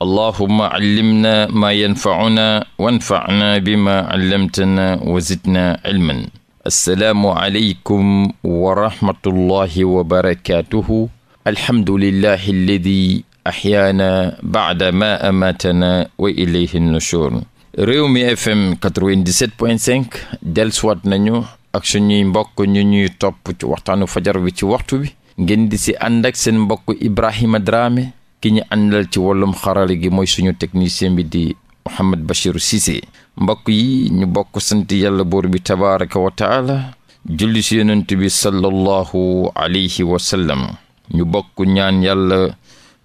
allahuma callimna maa yanfacunaa wanfacnaa bimaa callamtanaa wa zidnaa cilman assalaamu aleykum wa rahmatullahi wa barakaatuhu alhamdulillahi alladi axyaana bacda maa amaatanaa wa ilayhi nushur réew mi fm 97.5 dellusiwaat nañu ak suñuy mbokk ñu ñuy topp ci waxtaanu fajar bi ci waxtu bi ngeen di si ànd ak seen mbokk Ibrahima Dramé ki ñu àndal ci wàllum xarale gi mooy suñu technicien bi di Mouhamed Bachir Cissé mbokk yi ñu bokk sant yàlla boor bi tabaraka wa taala julli si yonent bi sallallahu alayhi ñu bokk ñaan yàlla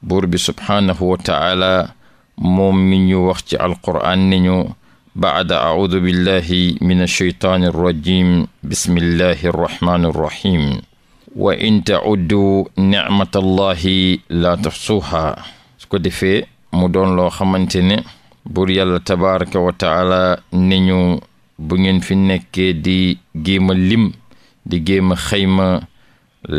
buur bi subhaanahu wa taala moom mi ñu wax ci alqur'aan ni ñu baada audu billahi min alsheytaani arrajim bismillahi arrahmaani arrahim wa in tauddu nicmatallahi laata tafsuha su ko defee mu doon loo xamante ne buur yàlla tabaraka wa ñu bu ngeen fi nekkee di géem lim di géem a xayma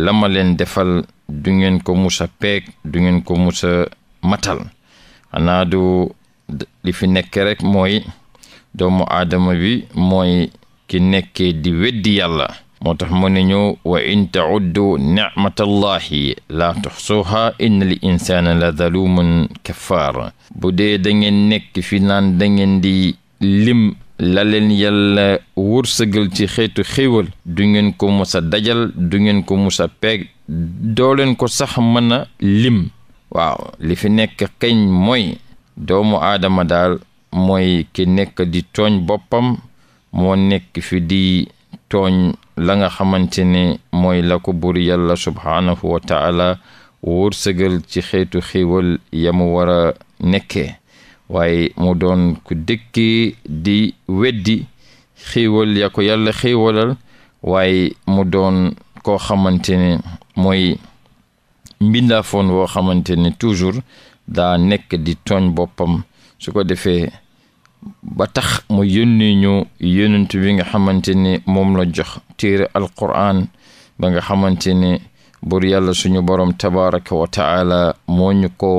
la leen defal du ngeen ko musa peeg du ngeen ko musa matal xanaa du li fi nekk rek mooy doomu aadama wi mooy ki nekkee di weddi yàlla moo tax mu ne ñu wa in tauddu nicmatallahi laa tuxsuha inna l insaana la zalumun kaffar bu dee dangeen nekk fi naan da ngeen di lim la leen yàlla wërsëgal ci xeetu xéewal du ngeen ko musa dajal du ngeen ko musa peeg dooleen ko sax mën a lim waaw li fi nekk kañ moy doomu aadama daal mooy ki nekk di tooñ boppam moo nekk fi di tooñ la nga xamante ne mooy la ko buur yàlla subhaanahu wa taala ci xeetu xiiwal ya mu war a nekkee waaye mu doon ko dëkki di weddi xiiwal ya ko yàlla xiiwalal waaye mu doon koo xamante ne mooy mbindaafoon woo xamante ne toujours daa nekk di tooñ boppam su ko defee ba tax mu yónni ñu bi nga xamante ni moom la jox téere alquran ba nga xamante ni bur yàlla suñu borom tabaraka wa taala moo ñu ko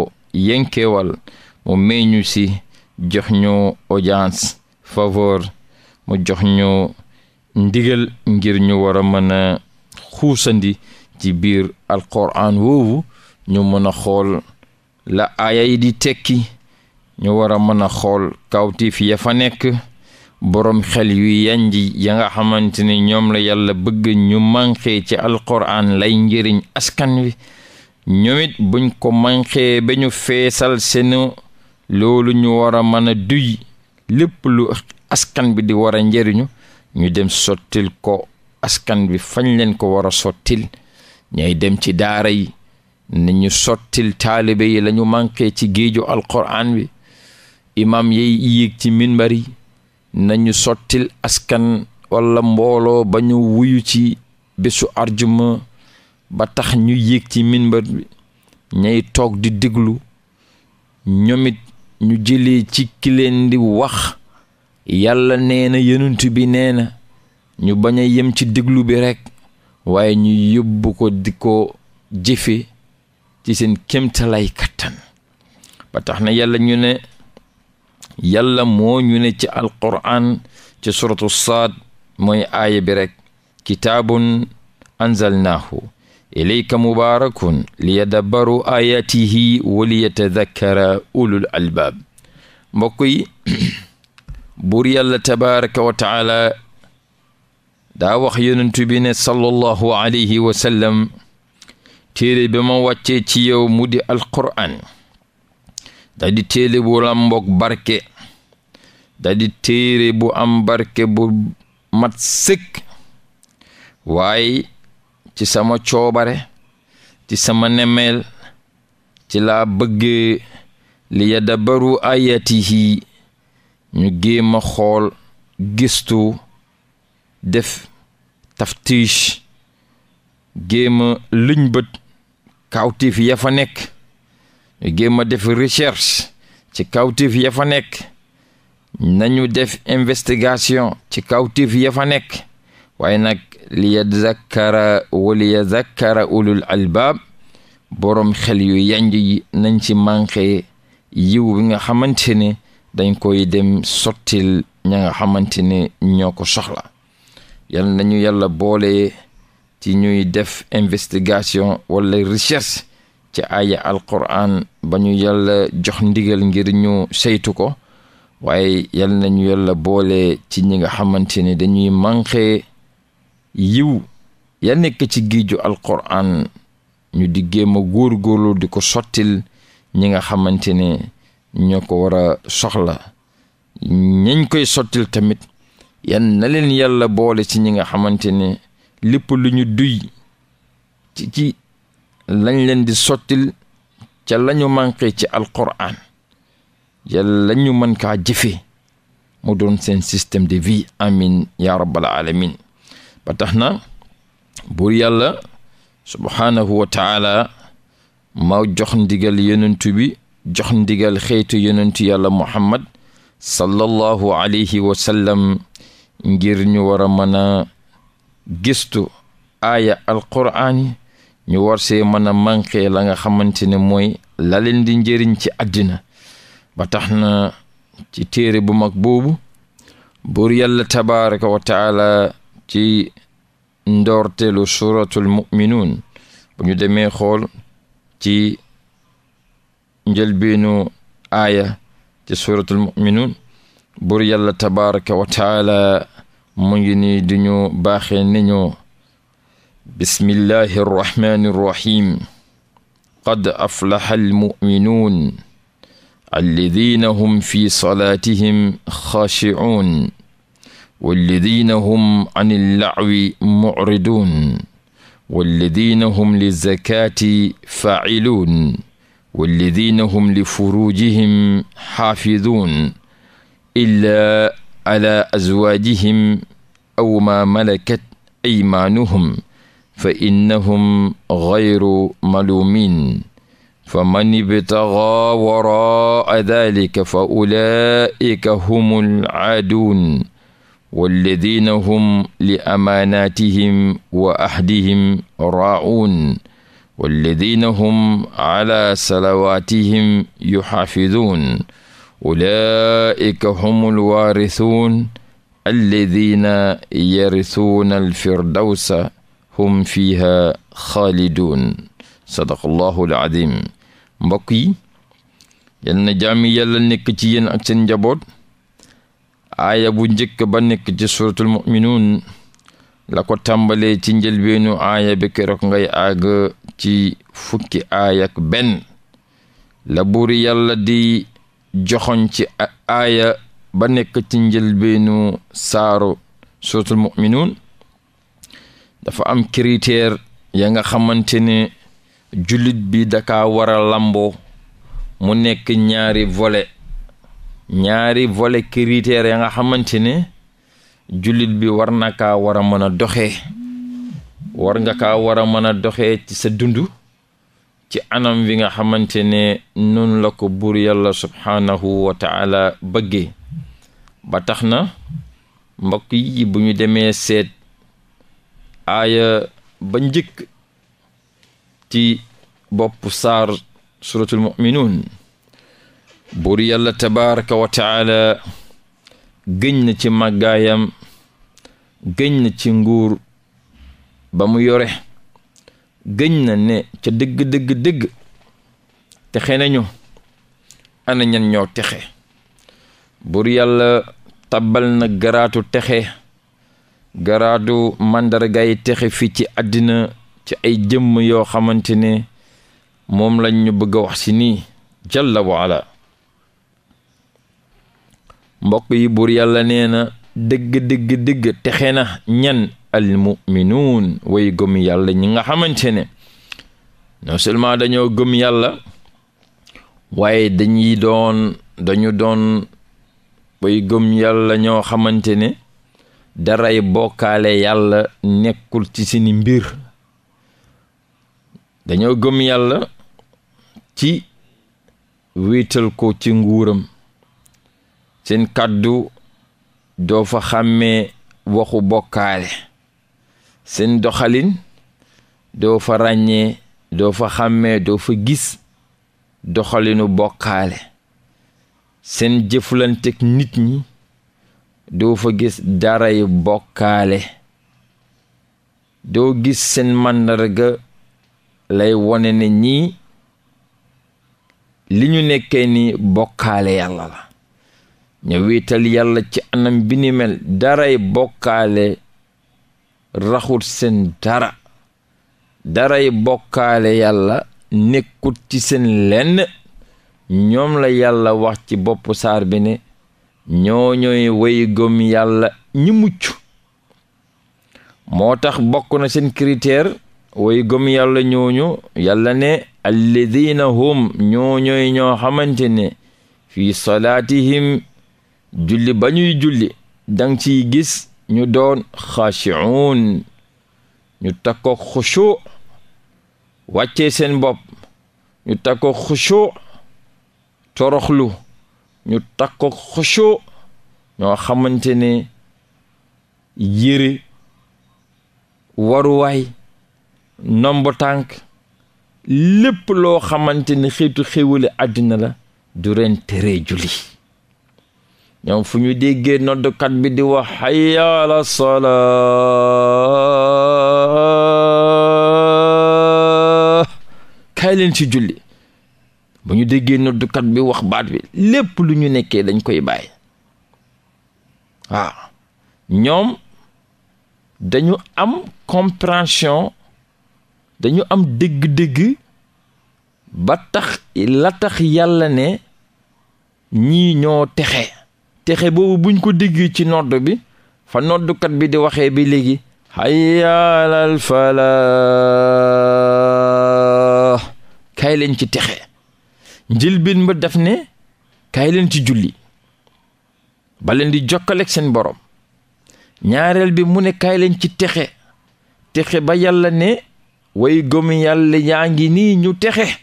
yenkeewal mu may jox ñu audience faveur mo jox ñu ndigal ngir ñu war a mën a xuusandi ci biir alquran woowu ñu mën a xool la aaya di tekki ñu war a mën a xool kawtiif ya fa nekk boroom xel yu yanji ya nga xamante ni ñoom la yàlla bëgg ñu manqué ci alquran lay njëriñ askan wi ñoom buñ ko manqué ba ñu feesal seenu loolu ñu war a mën a duy lépp lu askan bi di war a njëriñu ñu dem sottil ko askan bi fañ leen ko war a sottil ñay dem ci daara yi na ñu sottil taalibe yi la manqué ci géeju alquran bi imam yey yéeg ci minbar yi nañu sottil askan walla mbooloo ba ñu wuyu ci bésu arjuma ba tax ñu yéeg ci minbar bi ñay toog di déglu ñoomit ñu jëlee ci kileen di wax yàlla nee na yenuntu bi nee na ñu baña yem ci déglu bi rekk waaye ñu yóbbu ko di ko jëfe ci seen kémtalay kattan ba tax na yàlla ñu ne yàlla moo ñu ne ci alquran ci suratu saad mooy aaya bi rek kitaabun anzalnaahu ilayka mubaarakun liyadabbaru ayatihi wa liyatadakkara ulul albaab mbokk yi buur yàlla tabaraka wa daa wax yonentu bi ne sallallahu alayhi wa sallam bi ma wàccee ci yow mu di alquran da di téere bu la barke da téere bu am barke bu mat sëkk waaye ci sama coobare ci sama nemeel ci laa bëggee li yadabaru ayatihi ñu géem a xool gistu def taftiche géem a kawtif ya nekk ñu géem def recherche ci kawtif ya fa nekk nañu def investigation ci kawtif ya nekk waaye nag li yadzakkara wali yadzakkara ulul albaab boroom xel yu yanj yi nañ ci manqué yiw bi nga xamante ne dañ koy dem sottil ña nga xamante ne ñoo ko soxla yal nañu yàlla boole ci ñuy def investigation walla recherche ci aaya alquran ba ñu yàlla jox ndigal ngir ñu saytu ko waaye yal nañu yàlla boole ci ñi nga xamante ne dañuy manqué yiw ya nekk ci géeju alquran ñu di géem a góorgóorlu di ko sottil ñi nga xamante ne ñoo ko war a soxla ñañ koy sottil tamit yan na leen yàlla boole ci ñi nga xamante ne lépp lu ñu duy ci ci lañ leen di sottil ca lañu manqué ci alquran yàlla ñu mën kaa jëfe mu doon seen système de vie amin ya rabbal alamin ba tax na buur yàlla subhaanahu wa taala ma jox ndigal yonentu bi jox ndigal xeetu yonentu yàlla muhammad sallallahu alayhi wa sallam ngir ñu war a mën a gistu aya alquraan yi ñu war see mën a manqué la nga xamante ne mooy la leen di njëriñ ci àddina ba tax na ci téere bu mag boobu buur yàlla tabaraka wa taala ci ndoorteelu suratul muminuun bu ñu demee xool ci njëlbeenu aaya ci suratul muminuun buur yàlla tabaraka wa taala mu ngi nii di ñu baaxee ni ñu bismillahi arrahmani qad aflaha almuminuun alladina hum fi salaatihim xaashicuun walladina hum an illacwi mucriduun walladina hum lizakaati faaciluun walladina hum lifuruujihim xaafiduun illaa alaa azwaajihim aw maa malakat aymaanuhum fa innahum gayru maluumiin fa man ibtagaa waraa dalika fa ulaika hum alaaduun walladina hum li amaanatihim wa ahdihim raa'uun walladina hum ala salawaatihim yuxaafiduun ulaika hum alwaarisuun alladina yarisuuna alfirdawsa hum fiiha xaaliduun sadaqallahul adim mbokk yi yal na jaami yàlla nekk ci yéen ak seen njaboot aaya bu njëkk ba nekk ci suratul muminuun la ko tàmbalee ci njëlbeenu aaya bi keroog ngay àgg ci fukki aaya benn la buuri yàlla di joxoñ ci aaya ba nekk ci njëlbeenu saaru suratul muminuun dafa am critère ya nga xamante jullit bi daka war a lamboo mu nekk ñaari vole ñaari volet critères ya nga xamante ne jullit bi war na war a mën a doxee war nga kaa war a mën a doxe ci sa dund ci anam wi nga xamante ne nun la ko buur yalla subhaanahu wa taala ba tax na mbokk yi bu ñu demee seet aaya ba njëkk ci boppu saar suratul muminuun buur yàlla tabaraka wa taala gëñ na ci màggaayam gëñ na ci nguur ba mu yore gëñ na ne ca dëgg dëgg dëgg texe nañu ana ñan ñoo texe buur yàlla tabbal na garaatu texe garaatu màndargay texe fii ci àddina ci ay jëmm yoo xamante ne moom lañ ñu bëgg a wax si nii jalla mbokk yi buur yàlla nee na dëgg dëgg dëgg texe na ñan almuminuun way gëm yàlla ñi nga xamante ne non seulement dañoo gëm yàlla waaye dañuy doon dañu doon way gëm yàlla ñoo xamante ne daray bokkaale yàlla nekkul ci seeni mbir dañoo gëm yàlla ci wiital ko ci nguuram seen kàddu doo fa xàmmee waxu bokkaale seen doxalin doo fa ràññee doo fa xàmmee doo fa gis doxalinu bokkaale seen jëflanteeg nit ñi doo fa gis daray bokkaale doo gis seen màndarga lay wone ne ñii li ñu nekkee ni bokkaale yàlla la ñu wiital yàlla ci anam bi ni mel daray bokkaale raxut seen dara daray bokkaale yàlla nekkut ci seen lenn ñoom la yàlla wax ci boppu saar bi ne ñoo ñooy way yàlla ñi mucc moo tax bokk na seen critère way gëm yàlla ñooñu yàlla ne alladina hum ñoo xamante ne fi salaatihim julli ba ñuy julli dang ciy gis ñu doon xaashi'uun ñu takko xushu wàccee seen bopp ñu takko xushu toroxlu ñu takko xushu ñoo xamante ne yëre waruwaay nomb tànk lépp loo xamante ne xeetu xéwale àddina la du ren tere julli ñoom fu ñu déggee noddkat bi di wax hayya ala salaa kaay leen ci julli bu ñu déggee noddkat bi wax baat bi lépp lu ñu nekkee dañ koy bàyyi waaw ñoom dañu am compréhension dañu am dégg-dégg ba tax la tax yàlla ne ñii ñoo texe texe boobu buñ ko déggee ci nodd bi fa noddukat bi di waxee bi léegi hayya alal falaah leen ci texe njëlbéen ba daf ne kay leen ci julli ba leen di jokkaleeg seen borom ñaareel bi mu ne kaay leen ci texe texe ba yàlla ne way gëm yàlla yaa ngi nii ñu texe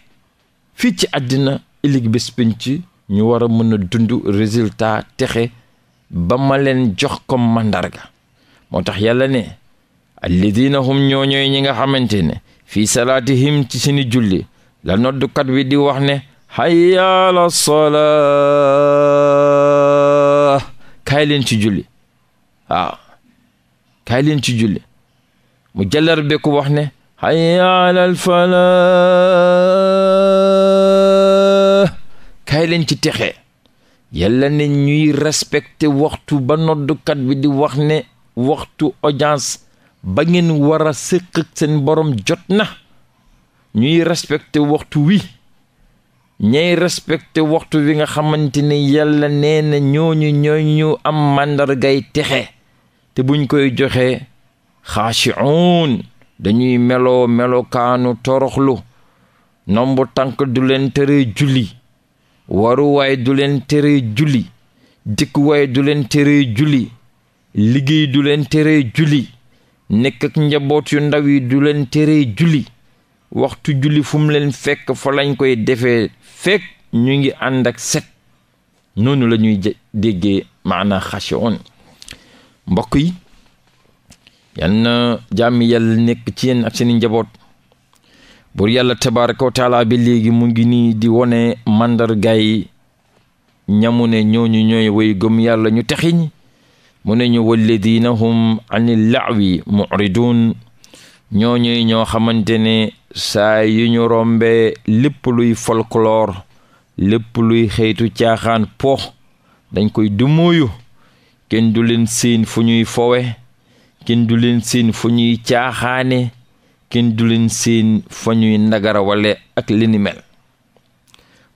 fii ci àddina ilig bés ci ñu war a mën a dund résultat texe ba maleen leen jox comme màndarga moo tax yàlla ne alladina hum ñoo ñooy ñi nga xamante ne fii salaatihim ci seeni julli la noddukat wi di wax ne hayya ala salaa kaay ci julli waaw kaay ci julli mu jàllar beku wax ne hayya alal falaah kaay ci texe yàlla ne ñuy respecté waxtu ba noddukat bi di wax ne waxtu audience ba ngeen war sëq seen borom jot na ñuy respecté waxtu wi ñay respecté waxtu wi nga xamante ne yàlla nee na ñooñu ñooy ñu am màndargay texe te buñ koy joxe xaashi'uun dañuy meloo melokaanu toroxlu nombu tànk du leen tere julli waruwaay du leen tere julli dikkuwaay du leen tere julli liggéey du leen tere julli nekk ak njaboot yu ndaw yi du leen tere julli waxtu julli fum mu leen fekk fa lañ koy defee fekk ñu ngi ànd ak set noonu lañuy ñuy déggee maana xashe on mbokk yi yal na jàmm yàlla nekk ci yenn ak seeni njaboot buur yàlla tabaraka wa bi léegi mu ngi nii di wone màndargaay ñamu ne ñooñu ñooy way gëm yàlla ñu texiñ mu ne ñu walladina hum ani laawi muridun ñooñuy ñoo xamante ne saa yu ñu rombe lépp luy folklore lépp luy xeetu caaxaan po dañ koy dumooyu kenn du leen siin fu ñuy fowe kenn du leen seen fa ñuy caaxaane kenn du leen seen fa ñuy ndagara wale ak li mel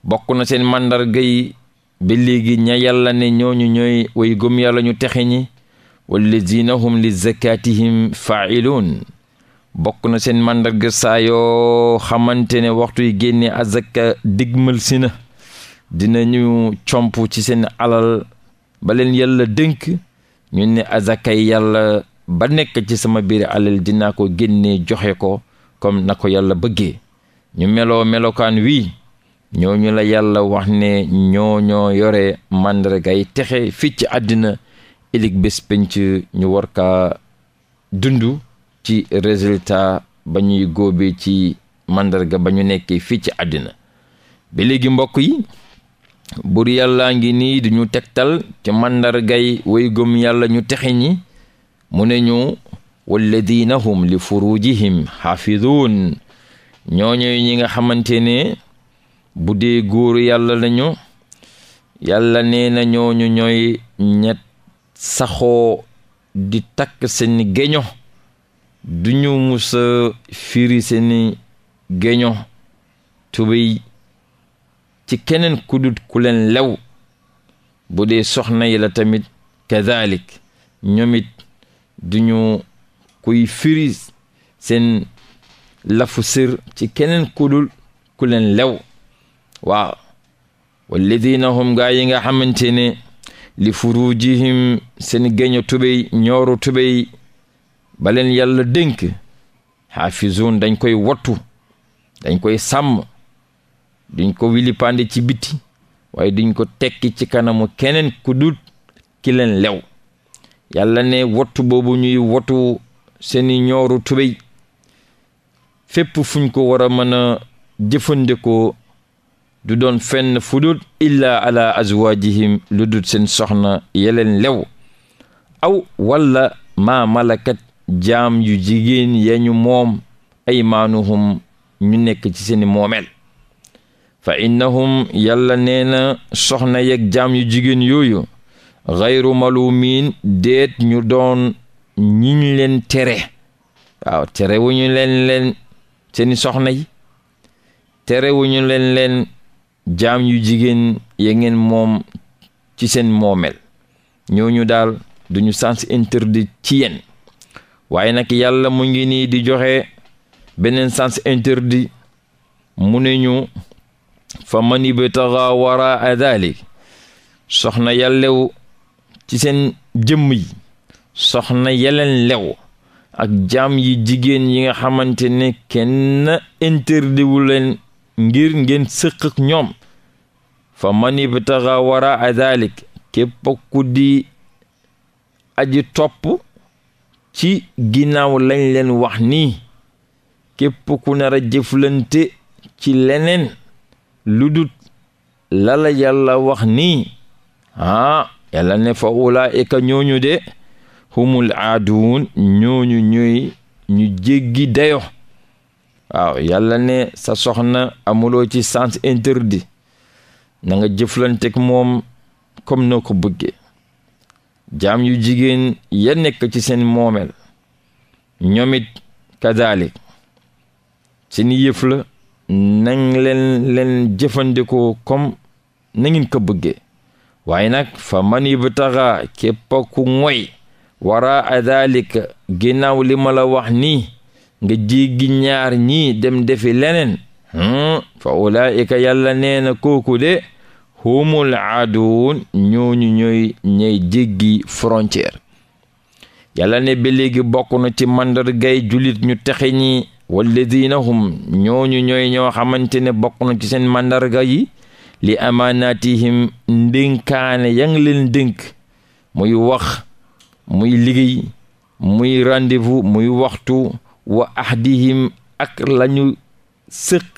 bokk na seen màndarga yi ba léegi ña yàlla ne ñooñu ñoy way gëm yàlla ñu texe ñi wallazina hum li zakatihim faa'iluun bokk na seen màndarga saa yoo xamante ne waxtu yi génne azaka digmal si na dinañu comp ci seen alal ba leen yàlla dënk ñu ne azakay yàlla ba nekk ci sama biir alal dinaa ko génne joxe ko comme na ko yàlla bëggee ñu meloo melokaan wii ñooñu la yàlla wax ne ñoo ñoo yore màndargay texe fii ci àddina ilig bés penc ñu war kaa dund ci résultat ba ñuy góobee ci màndarga ba ñu nekkee fii ci àddina ba léegi mbokk yi buur yàlla ngi nii di ñu tegtal ci màndargay way gëm yàlla ñu texe ñi mu ne ñu walladina hum li furujihim xaafidun ñooñu ñi nga xamante ne bu dee góoru yàlla lañu yàlla nee na ñooñu ñooy ñet saxoo di takk seeni du duñu musa firi seeni géño tubéy ci keneen kudut ku leen lew bu dee soxna yi la tamit kadalik ñoomit du duñu kuy firi seen lafu sir ci keneen kudul ku leen lew waaw walladina hum gaa yi nga xamante ne li furujihim seen géño tubéy ñooru tubéy baleen yàlla dénk xaafizuun dañ koy wattu dañ koy sàmm duñ ko wilipande ci biti waaye duñ ko tekki ci kanamu keneen ku dul ki leen lew yàlla ne wottu boobu ñuy wottu seeni ñooru tubéy fépp fuñ ko war a mën a jëfandikoo du doon fenn fu dul illaa ala azwaajihim lu dul seen soxna yeleen lew aw walla maa malakat jaam yu jigéen ya ñu moom ay maanuhum ñu nekk ci seeni moomeel fa innahum yàlla nee na soxna yeeg jaam yu jigéen yooyu xayru malumin déet ñu doon ñiñ leen tere waaw tere wu ñu leen leen seeni soxna yi tere wu ñu leen leen jaam yu jigéen ya ngeen moom ci seen moomeel ñooñu daal duñu sens interdi ci yéen waaye nag yàlla mu ngi nii di joxe beneen sens interdi mu ne ñu fa mani bi taxa wara a daalik soxna yàllewu ci seen jëmm yi soxna yeleen lew ak jam yi jigéen yi nga xamante ne kenn interdit wu leen ngir ngeen sëq ñoom fa man wara waraa dalik képp ku di aji topp ci ginnaaw lañ leen wax ni képp ku nar a jëflante ci leneen lu lala yàlla wax ni ah yàlla ne fa ulaayika ñooñu de humul aaduun ñooñu ñooy ñu jéggi dayo waaw yàlla ne sa soxna amuloo ci sens interdit na nga jëflanteeg moom comme noo ko bëggee jaam yu jigéen ya nekk ci seen moomeel ñoomit kadaalik seen yëf la leen jëfandikoo comme na ngeen ko bëggee waaye nag fa man ibtaxa képp ku moy wara a daalika ginnaaw li ma la wax nii nga jigi ñaar ñi dem defi leneen hmm, fa ulaayika yàlla nee na kooku de humul aaduun ñooñu ñooy ñay jéggi frontière yàlla ne ba léegi bokk na ci màndargay julit ñu texe ñi walladina hum ñooñu ñooy ñoo xamante ne bokk na ci seen màndarga yi li amaanaatihim ndénkaane ya ngi leen dénk muy wax muy liggéey muy rendez muy waxtu wa ahdihim ak lañu sëq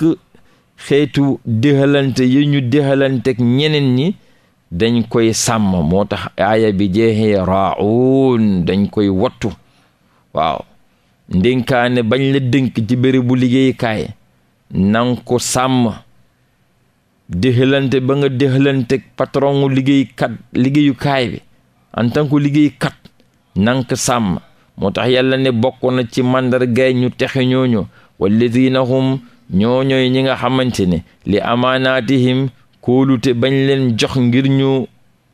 xeetu déxalante yi ñu déxalante ak ñeneen ñi dañ koy sàmm moo tax aaya bi jeexee raawun dañ koy wattu waaw ndénkaane bañ la dénk ci bérébu liggéeykaay nang ko sàmm déxalante ba nga déxalante patron wu liggéeykat liggéeyukaay bi en tant que liggéeykat nank sàmm moo tax yàlla ne bokk na ci màndargaay ñu texe ñooñu walladina hum ñooñooy ñi nga xamante ne li amaanaatihim kóolute bañ leen jox ngir ñu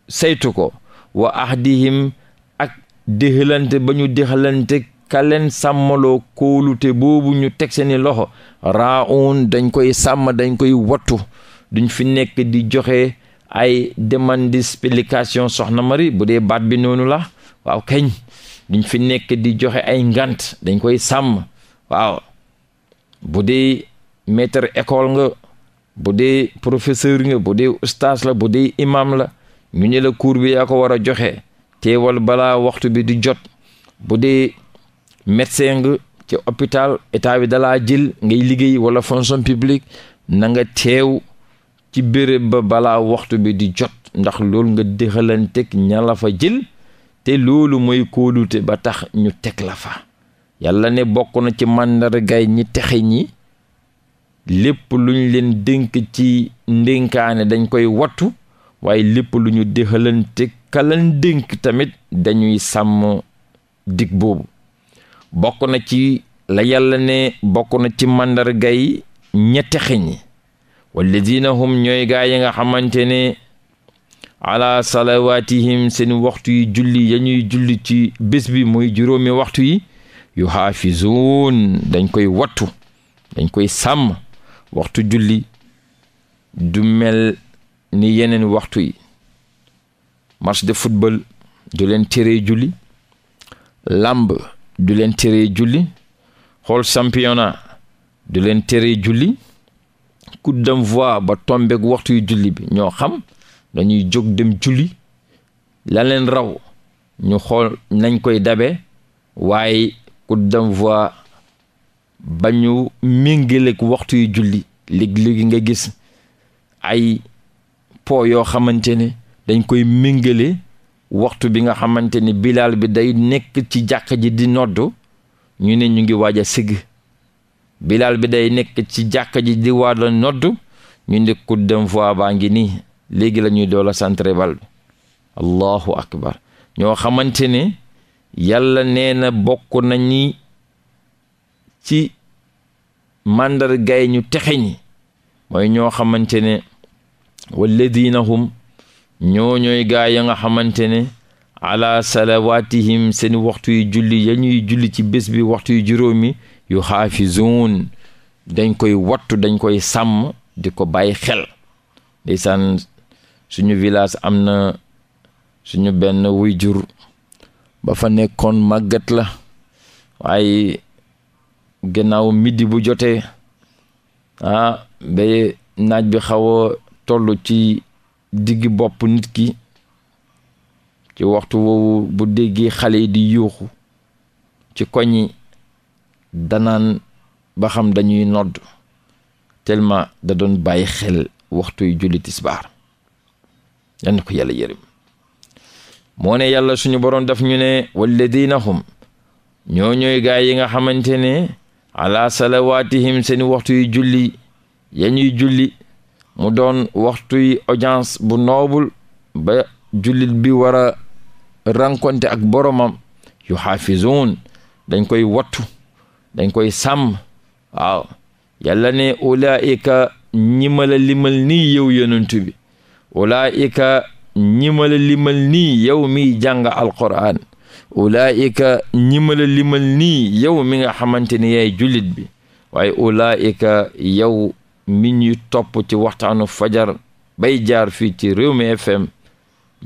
saytu ko wa ahdihim ak déxalante ba ñu déxalante ka leen sàmmaloo kóolute boobu ñu teg seeni loxo raa un dañ koy sàmm dañ koy wattu duñ fi nekk di joxe ay demande explication soxna mari bu dee baat bi noonu la waaw kañ duñ fi nekk di joxe ay ngant dañ koy sàmm waaw bu dee maître école nga bu dee professeur nga bu dee ustaas la bu dee imam la ñu ne la cours bi yaa ko war a joxe teewal balaa waxtu bi di jot bu dee médecin nga ci hôpital état bi dalaa jël ngay liggéey wala fonction publique nanga nga teew ci béréb ba balaa waxtu bi di jot ndax loolu nga dëxalanteeg ña fa jël te loolu mooy kóolute ba tax ñu teg la fa yàlla ne bokk na ci màndargaay ñi texe ñi lépp lu ñu leen dénk ci ndénkaane dañ koy wattu waaye lépp lu ñu dëxalante kalan dénk tamit dañuy sàmm dig boobu bokk na ci la yàlla ne bokk na ci màndargaay ña texe ñi walladina hum ñooy gaa yi nga xamante ne ala salawatihim seen waxtu yi julli ya ñuy julli ci bés bi muy juróomi waxtu yi yu haafizuun dañ koy wattu dañ koy sàmm waxtu julli du mel ni yeneen waxtu yi match de football du leen teree julli làmb du leen teree julli xool championnat du leen teree julli coup d'envoi ba tombeeg waxtu yu julli bi ñoo xam dañuy jóg dem julli laleen raw ñu xool nañ koy dabe waaye coup d'envoi ba ñu méngaleeg waxtu yu julli léegi-léegi nga gis ay po yoo xamante ne dañ koy méngale waxtu bi nga xamante ne bilaal bi day nekk ci jàq ji di noddu ñu ne ñu ngi waaj a sigg bilaal bi day nekk ci jàkka ji di nodd ñu ne coup dem voix baa ngi nii léegi lañuy doola dool a bal bi allahu akbar ñoo xamante ne yàlla nee na bokk nañi ci màndargay ñu texe ñi mooy ñoo xamante ne walladina hum ñoo ñooy gaa ya nga xamante ne ala salawatihim seen waxtu yu julli ya julli ci bés bi waxtu juróomi yu xaafizuun dañ koy wattu dañ koy sàmm di ko bàyyi xel ndeysaan suñu village am na suñu benn wuy jur ba fa nekkoon màggat la waaye gannaaw midi bu jotee ah ba naaj bi xaw a toll ci diggi bopp nit ki ci waxtu woowu bu déggee xale yi di yuuxu ci koñi danaan ba xam dañuy nodd tellement da doon bàyyi xel waxtu yu julli tisbaar ko yàlla yërëm moo ne yàlla suñu boroom daf ñu ne walladina hum ñoo ñooy gaay yi nga xamante ne ala salawaatihim seen waxtu yu julli yañuy julli mu doon waxtu yi audience bu noobul ba jullit bi war a rencontre ak boromam yu xaafizuun dañ koy wattu dañ koy sàmm waaw yàlla ne ulaayika ñi ma la limal nii yow yonent bi ulaayika ñi ma limal nii yow miy jàng alquraan ulaayika ñi ma la limal nii yow mi nga xamante ni yaay jullit bi waaye ulaayika yow mi ñu topp ci waxtaanu fajar bay jaar fii ci Rewmi FM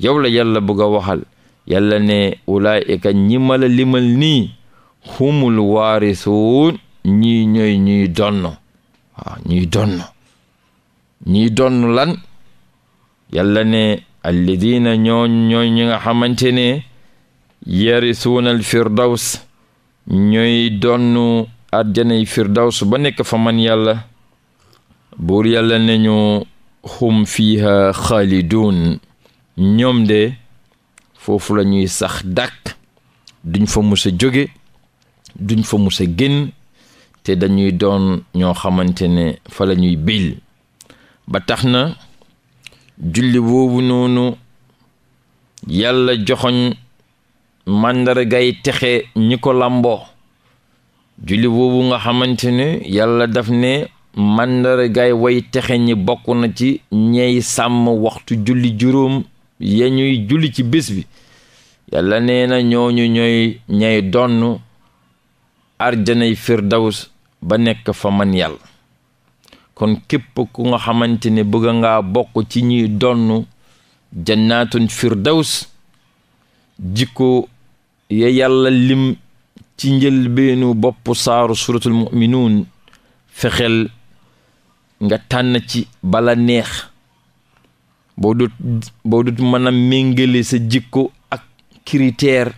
yow la yàlla bëgg a waxal yàlla ne ulaayika ñi ma la limal nii humul waarisuun ñii ñooy ñii donn waaw ñii donn ñii donn lan yàlla ne alladina ñooñ ñooy ñi nga xamante ne yarisuuna al ñoy ñooy donn àjjanay firdaws ba nekk fa man yàlla buur yàlla ne ñu hum fiiha xaaliduun ñoom de foofu la sax dàkk duñ fa mus a jóge duñ fa mus génn te dañuy doon ñoo xamante ne fala ñuy bil ba tax na julli boobu noonu yàlla joxoñ màndargay texe ñi ko làmboo julli boobu nga xamante ne yàlla daf ne màndargay way texe ñi bokk na ci ñay sàmm waxtu julli juróom ya ñuy julli ci bés bi yàlla nee na ñooñu ñooy ñey donn arjanay firdaws ba nekk fa man yàlla kon képp ku nga xamante ne bëgg nga bokk ci ñuy donn jannaatun firdaws jikko ya yàlla lim ci njëlbeenu bopp saaru suratul muminuun fexeel nga tànn ci bala neex boo dut boo dut mën sa jikko ak kiriteer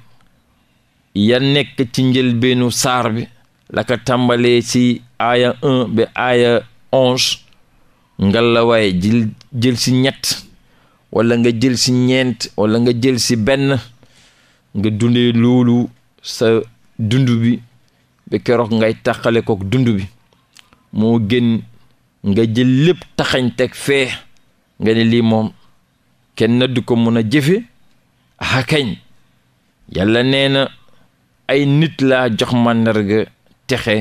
ya nekk ci njëlbeenu saar bi la ko tàmbalee ci aaya un ba aaya onze nga la waaye jël si ñett walla nga jël si ñeent walla nga jël si benn nga dundee loolu sa dund bi ba keroog ngay tàqale kook dund bi moo gën nga jël lépp taxañ teg fee nga ne lii moom kenn du ko mën a jëfe xakañ yàlla nee na ay nit laa jox màndarga texe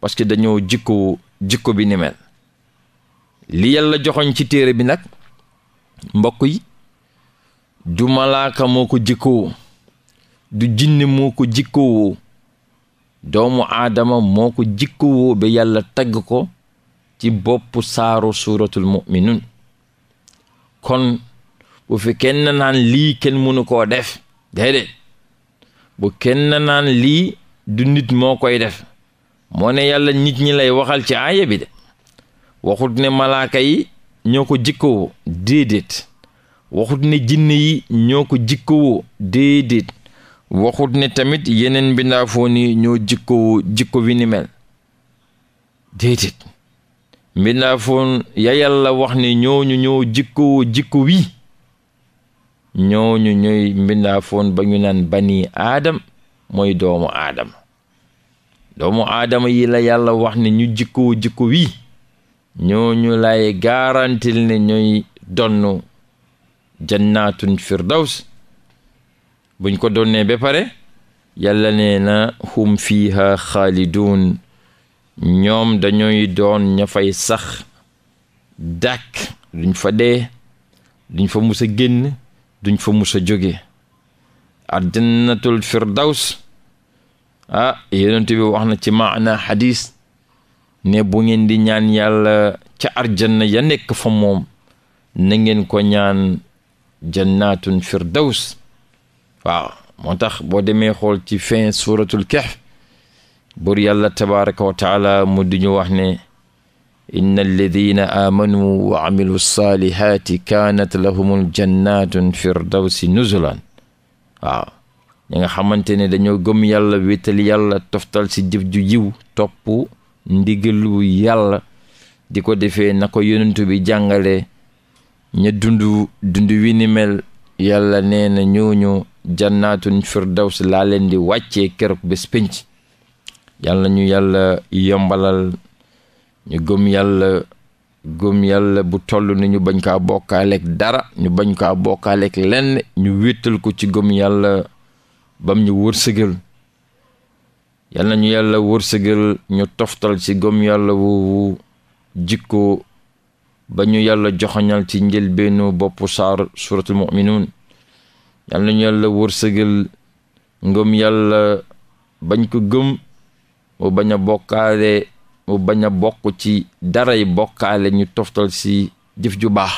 parce que dañoo jikko jikko bi ni mel li yàlla joxoñ ci téere bi nag mbokk yi du malaaka moo ko jikkoo du jinni moo ko jikkoo doomu aadama moo ko jikkoo ba yàlla tagg ko ci boppu saaro suuratul mu'minun kon bu fi kenn naan lii kenn mënu koo def déedéet bu kenn naan lii du nit moo koy def moo ne yàlla nit ñi lay waxal ci aaya bi de waxut ne malaaka yi ñoo ko jikkowoo déedéet waxut ne jinne yi ñoo ko jikkowoo déedéet waxut ne tamit yeneen mbindaafoon yi ñoo jikkowoo jikko bi ni mel déedéet mbindaafoon ya yàlla wax ne ñooñu ñoo jikkowoo jikko wi ñooñu ñooy mbindaafoon ba ñu naan bani aadam mooy doomu aadam doomu aadama yi la yàlla wax ne ñu jikkoo jikko wi ñooñu lay gaarantil ne ñooy donn jannaatun firdaws buñ ko donnee ba pare yàlla nee na hum fiiha xaaliduun ñoom dañooy doon ña fay sax dàkk duñ fa dee duñ fa musa génn duñ fa musa jóge aljannatul firdaws ah yonent bi wax na ci maana xadis ne bu ngeen di ñaan yàlla ca arjanna ya nekk fa moom na ngeen ko ñaan jannatun firdaws waaw moo tax boo demee xool ci fin suuratul kahf buur yàlla tabaraka wa mu duñu wax ne inna alladina aamanuu wa amilu saalihaati kaanat lahumul jannatun firdawsi nuzulan waaw ñi xamante ne dañoo gëm yàlla wéetal yàlla toftal si jëf ju yiw topp ndigalu yàlla di ko defe na ko yonent bi jàngale ña dundu dundu wi ni mel yàlla nee na ñooñu jannaatun firdaws laa leen di wàccee keroog bés pénc yàlla ñu yàlla yombalal ñu gëm yàlla gëm yàlla bu toll ni ñu bañ kaa bokkaaleeg dara ñu bañ kaa bokkaaleeg lenn ñu wéttal ko ci gëm yàlla bam ñu wërsëgal yal na ñu yàlla wërsëgal ñu toftal ci gëm yàlla woowu jikko ba ñu yàlla joxoñal ci njëlbeenu boppu saar suratul mu'minuun yal na ñu yàlla wërsëgal ngëm yàlla bañ ko gëm mu bañ a bokkaale mu bañ a bokk ci daray bokkaale ñu toftal si jëf ju baax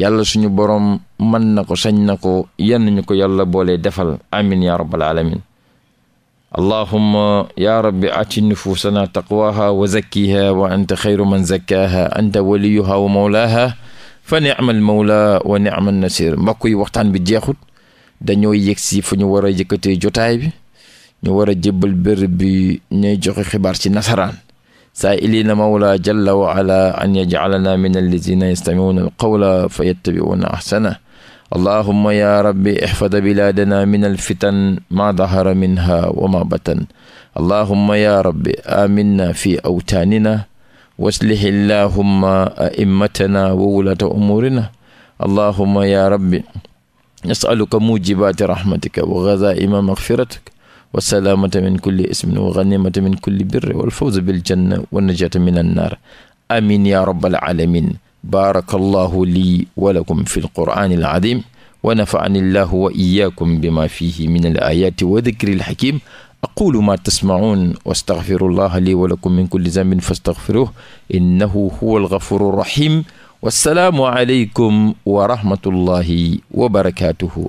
yàlla suñu boroom mën na ko sañ na ko yenn ñu ko yàlla boole defal amin ya rabbal alamin allahumma ya rabbi ati nufuusana taqwaha wa zakkiha wa anta xayru man zakkaaha anta waliyuha wa mawlaaha fa ni'mal mawla wa ni'man nasir mbokk yi waxtaan bi jeexut dañoo yëg si fu ñu war a yëkkatee jotaay bi ñu war a jébbal béréb bi ñuy joxe xibaar ci nasaraan saa'iliina mawla jalla wa ala an yaj'alana min allazina yastami'una alqawla fa yattabi'una ahsana allahumma ya rabbi ihfad bilaadana min alfitan ma dahara minha wa ma batan allahumma ya rabbi aminna fi awtaanina waslih allahumma a'immatana wa wulata umuurina allahumma ya rabbi nas'aluka mujibaati rahmatika wa ghazaaima maghfiratika wasalaamata min kulli ismin wa ganimata min kulli birri walfawza biljanna wa najata min annaar amin ya rabbal alamin baraka allahu lii wa lakum fi lqur'ani alazim wa nafa'ani allahu wa iyyakum bima fihi min alayati wa dhikri alhakim aqulu ma tasma'un wa astaghfirullaha lii wa lakum min kulli zambin fastaghfiruhu innahu huwa alghafuru rahim wassalaamu aleykum wa rahmatullahi wa barakatuhu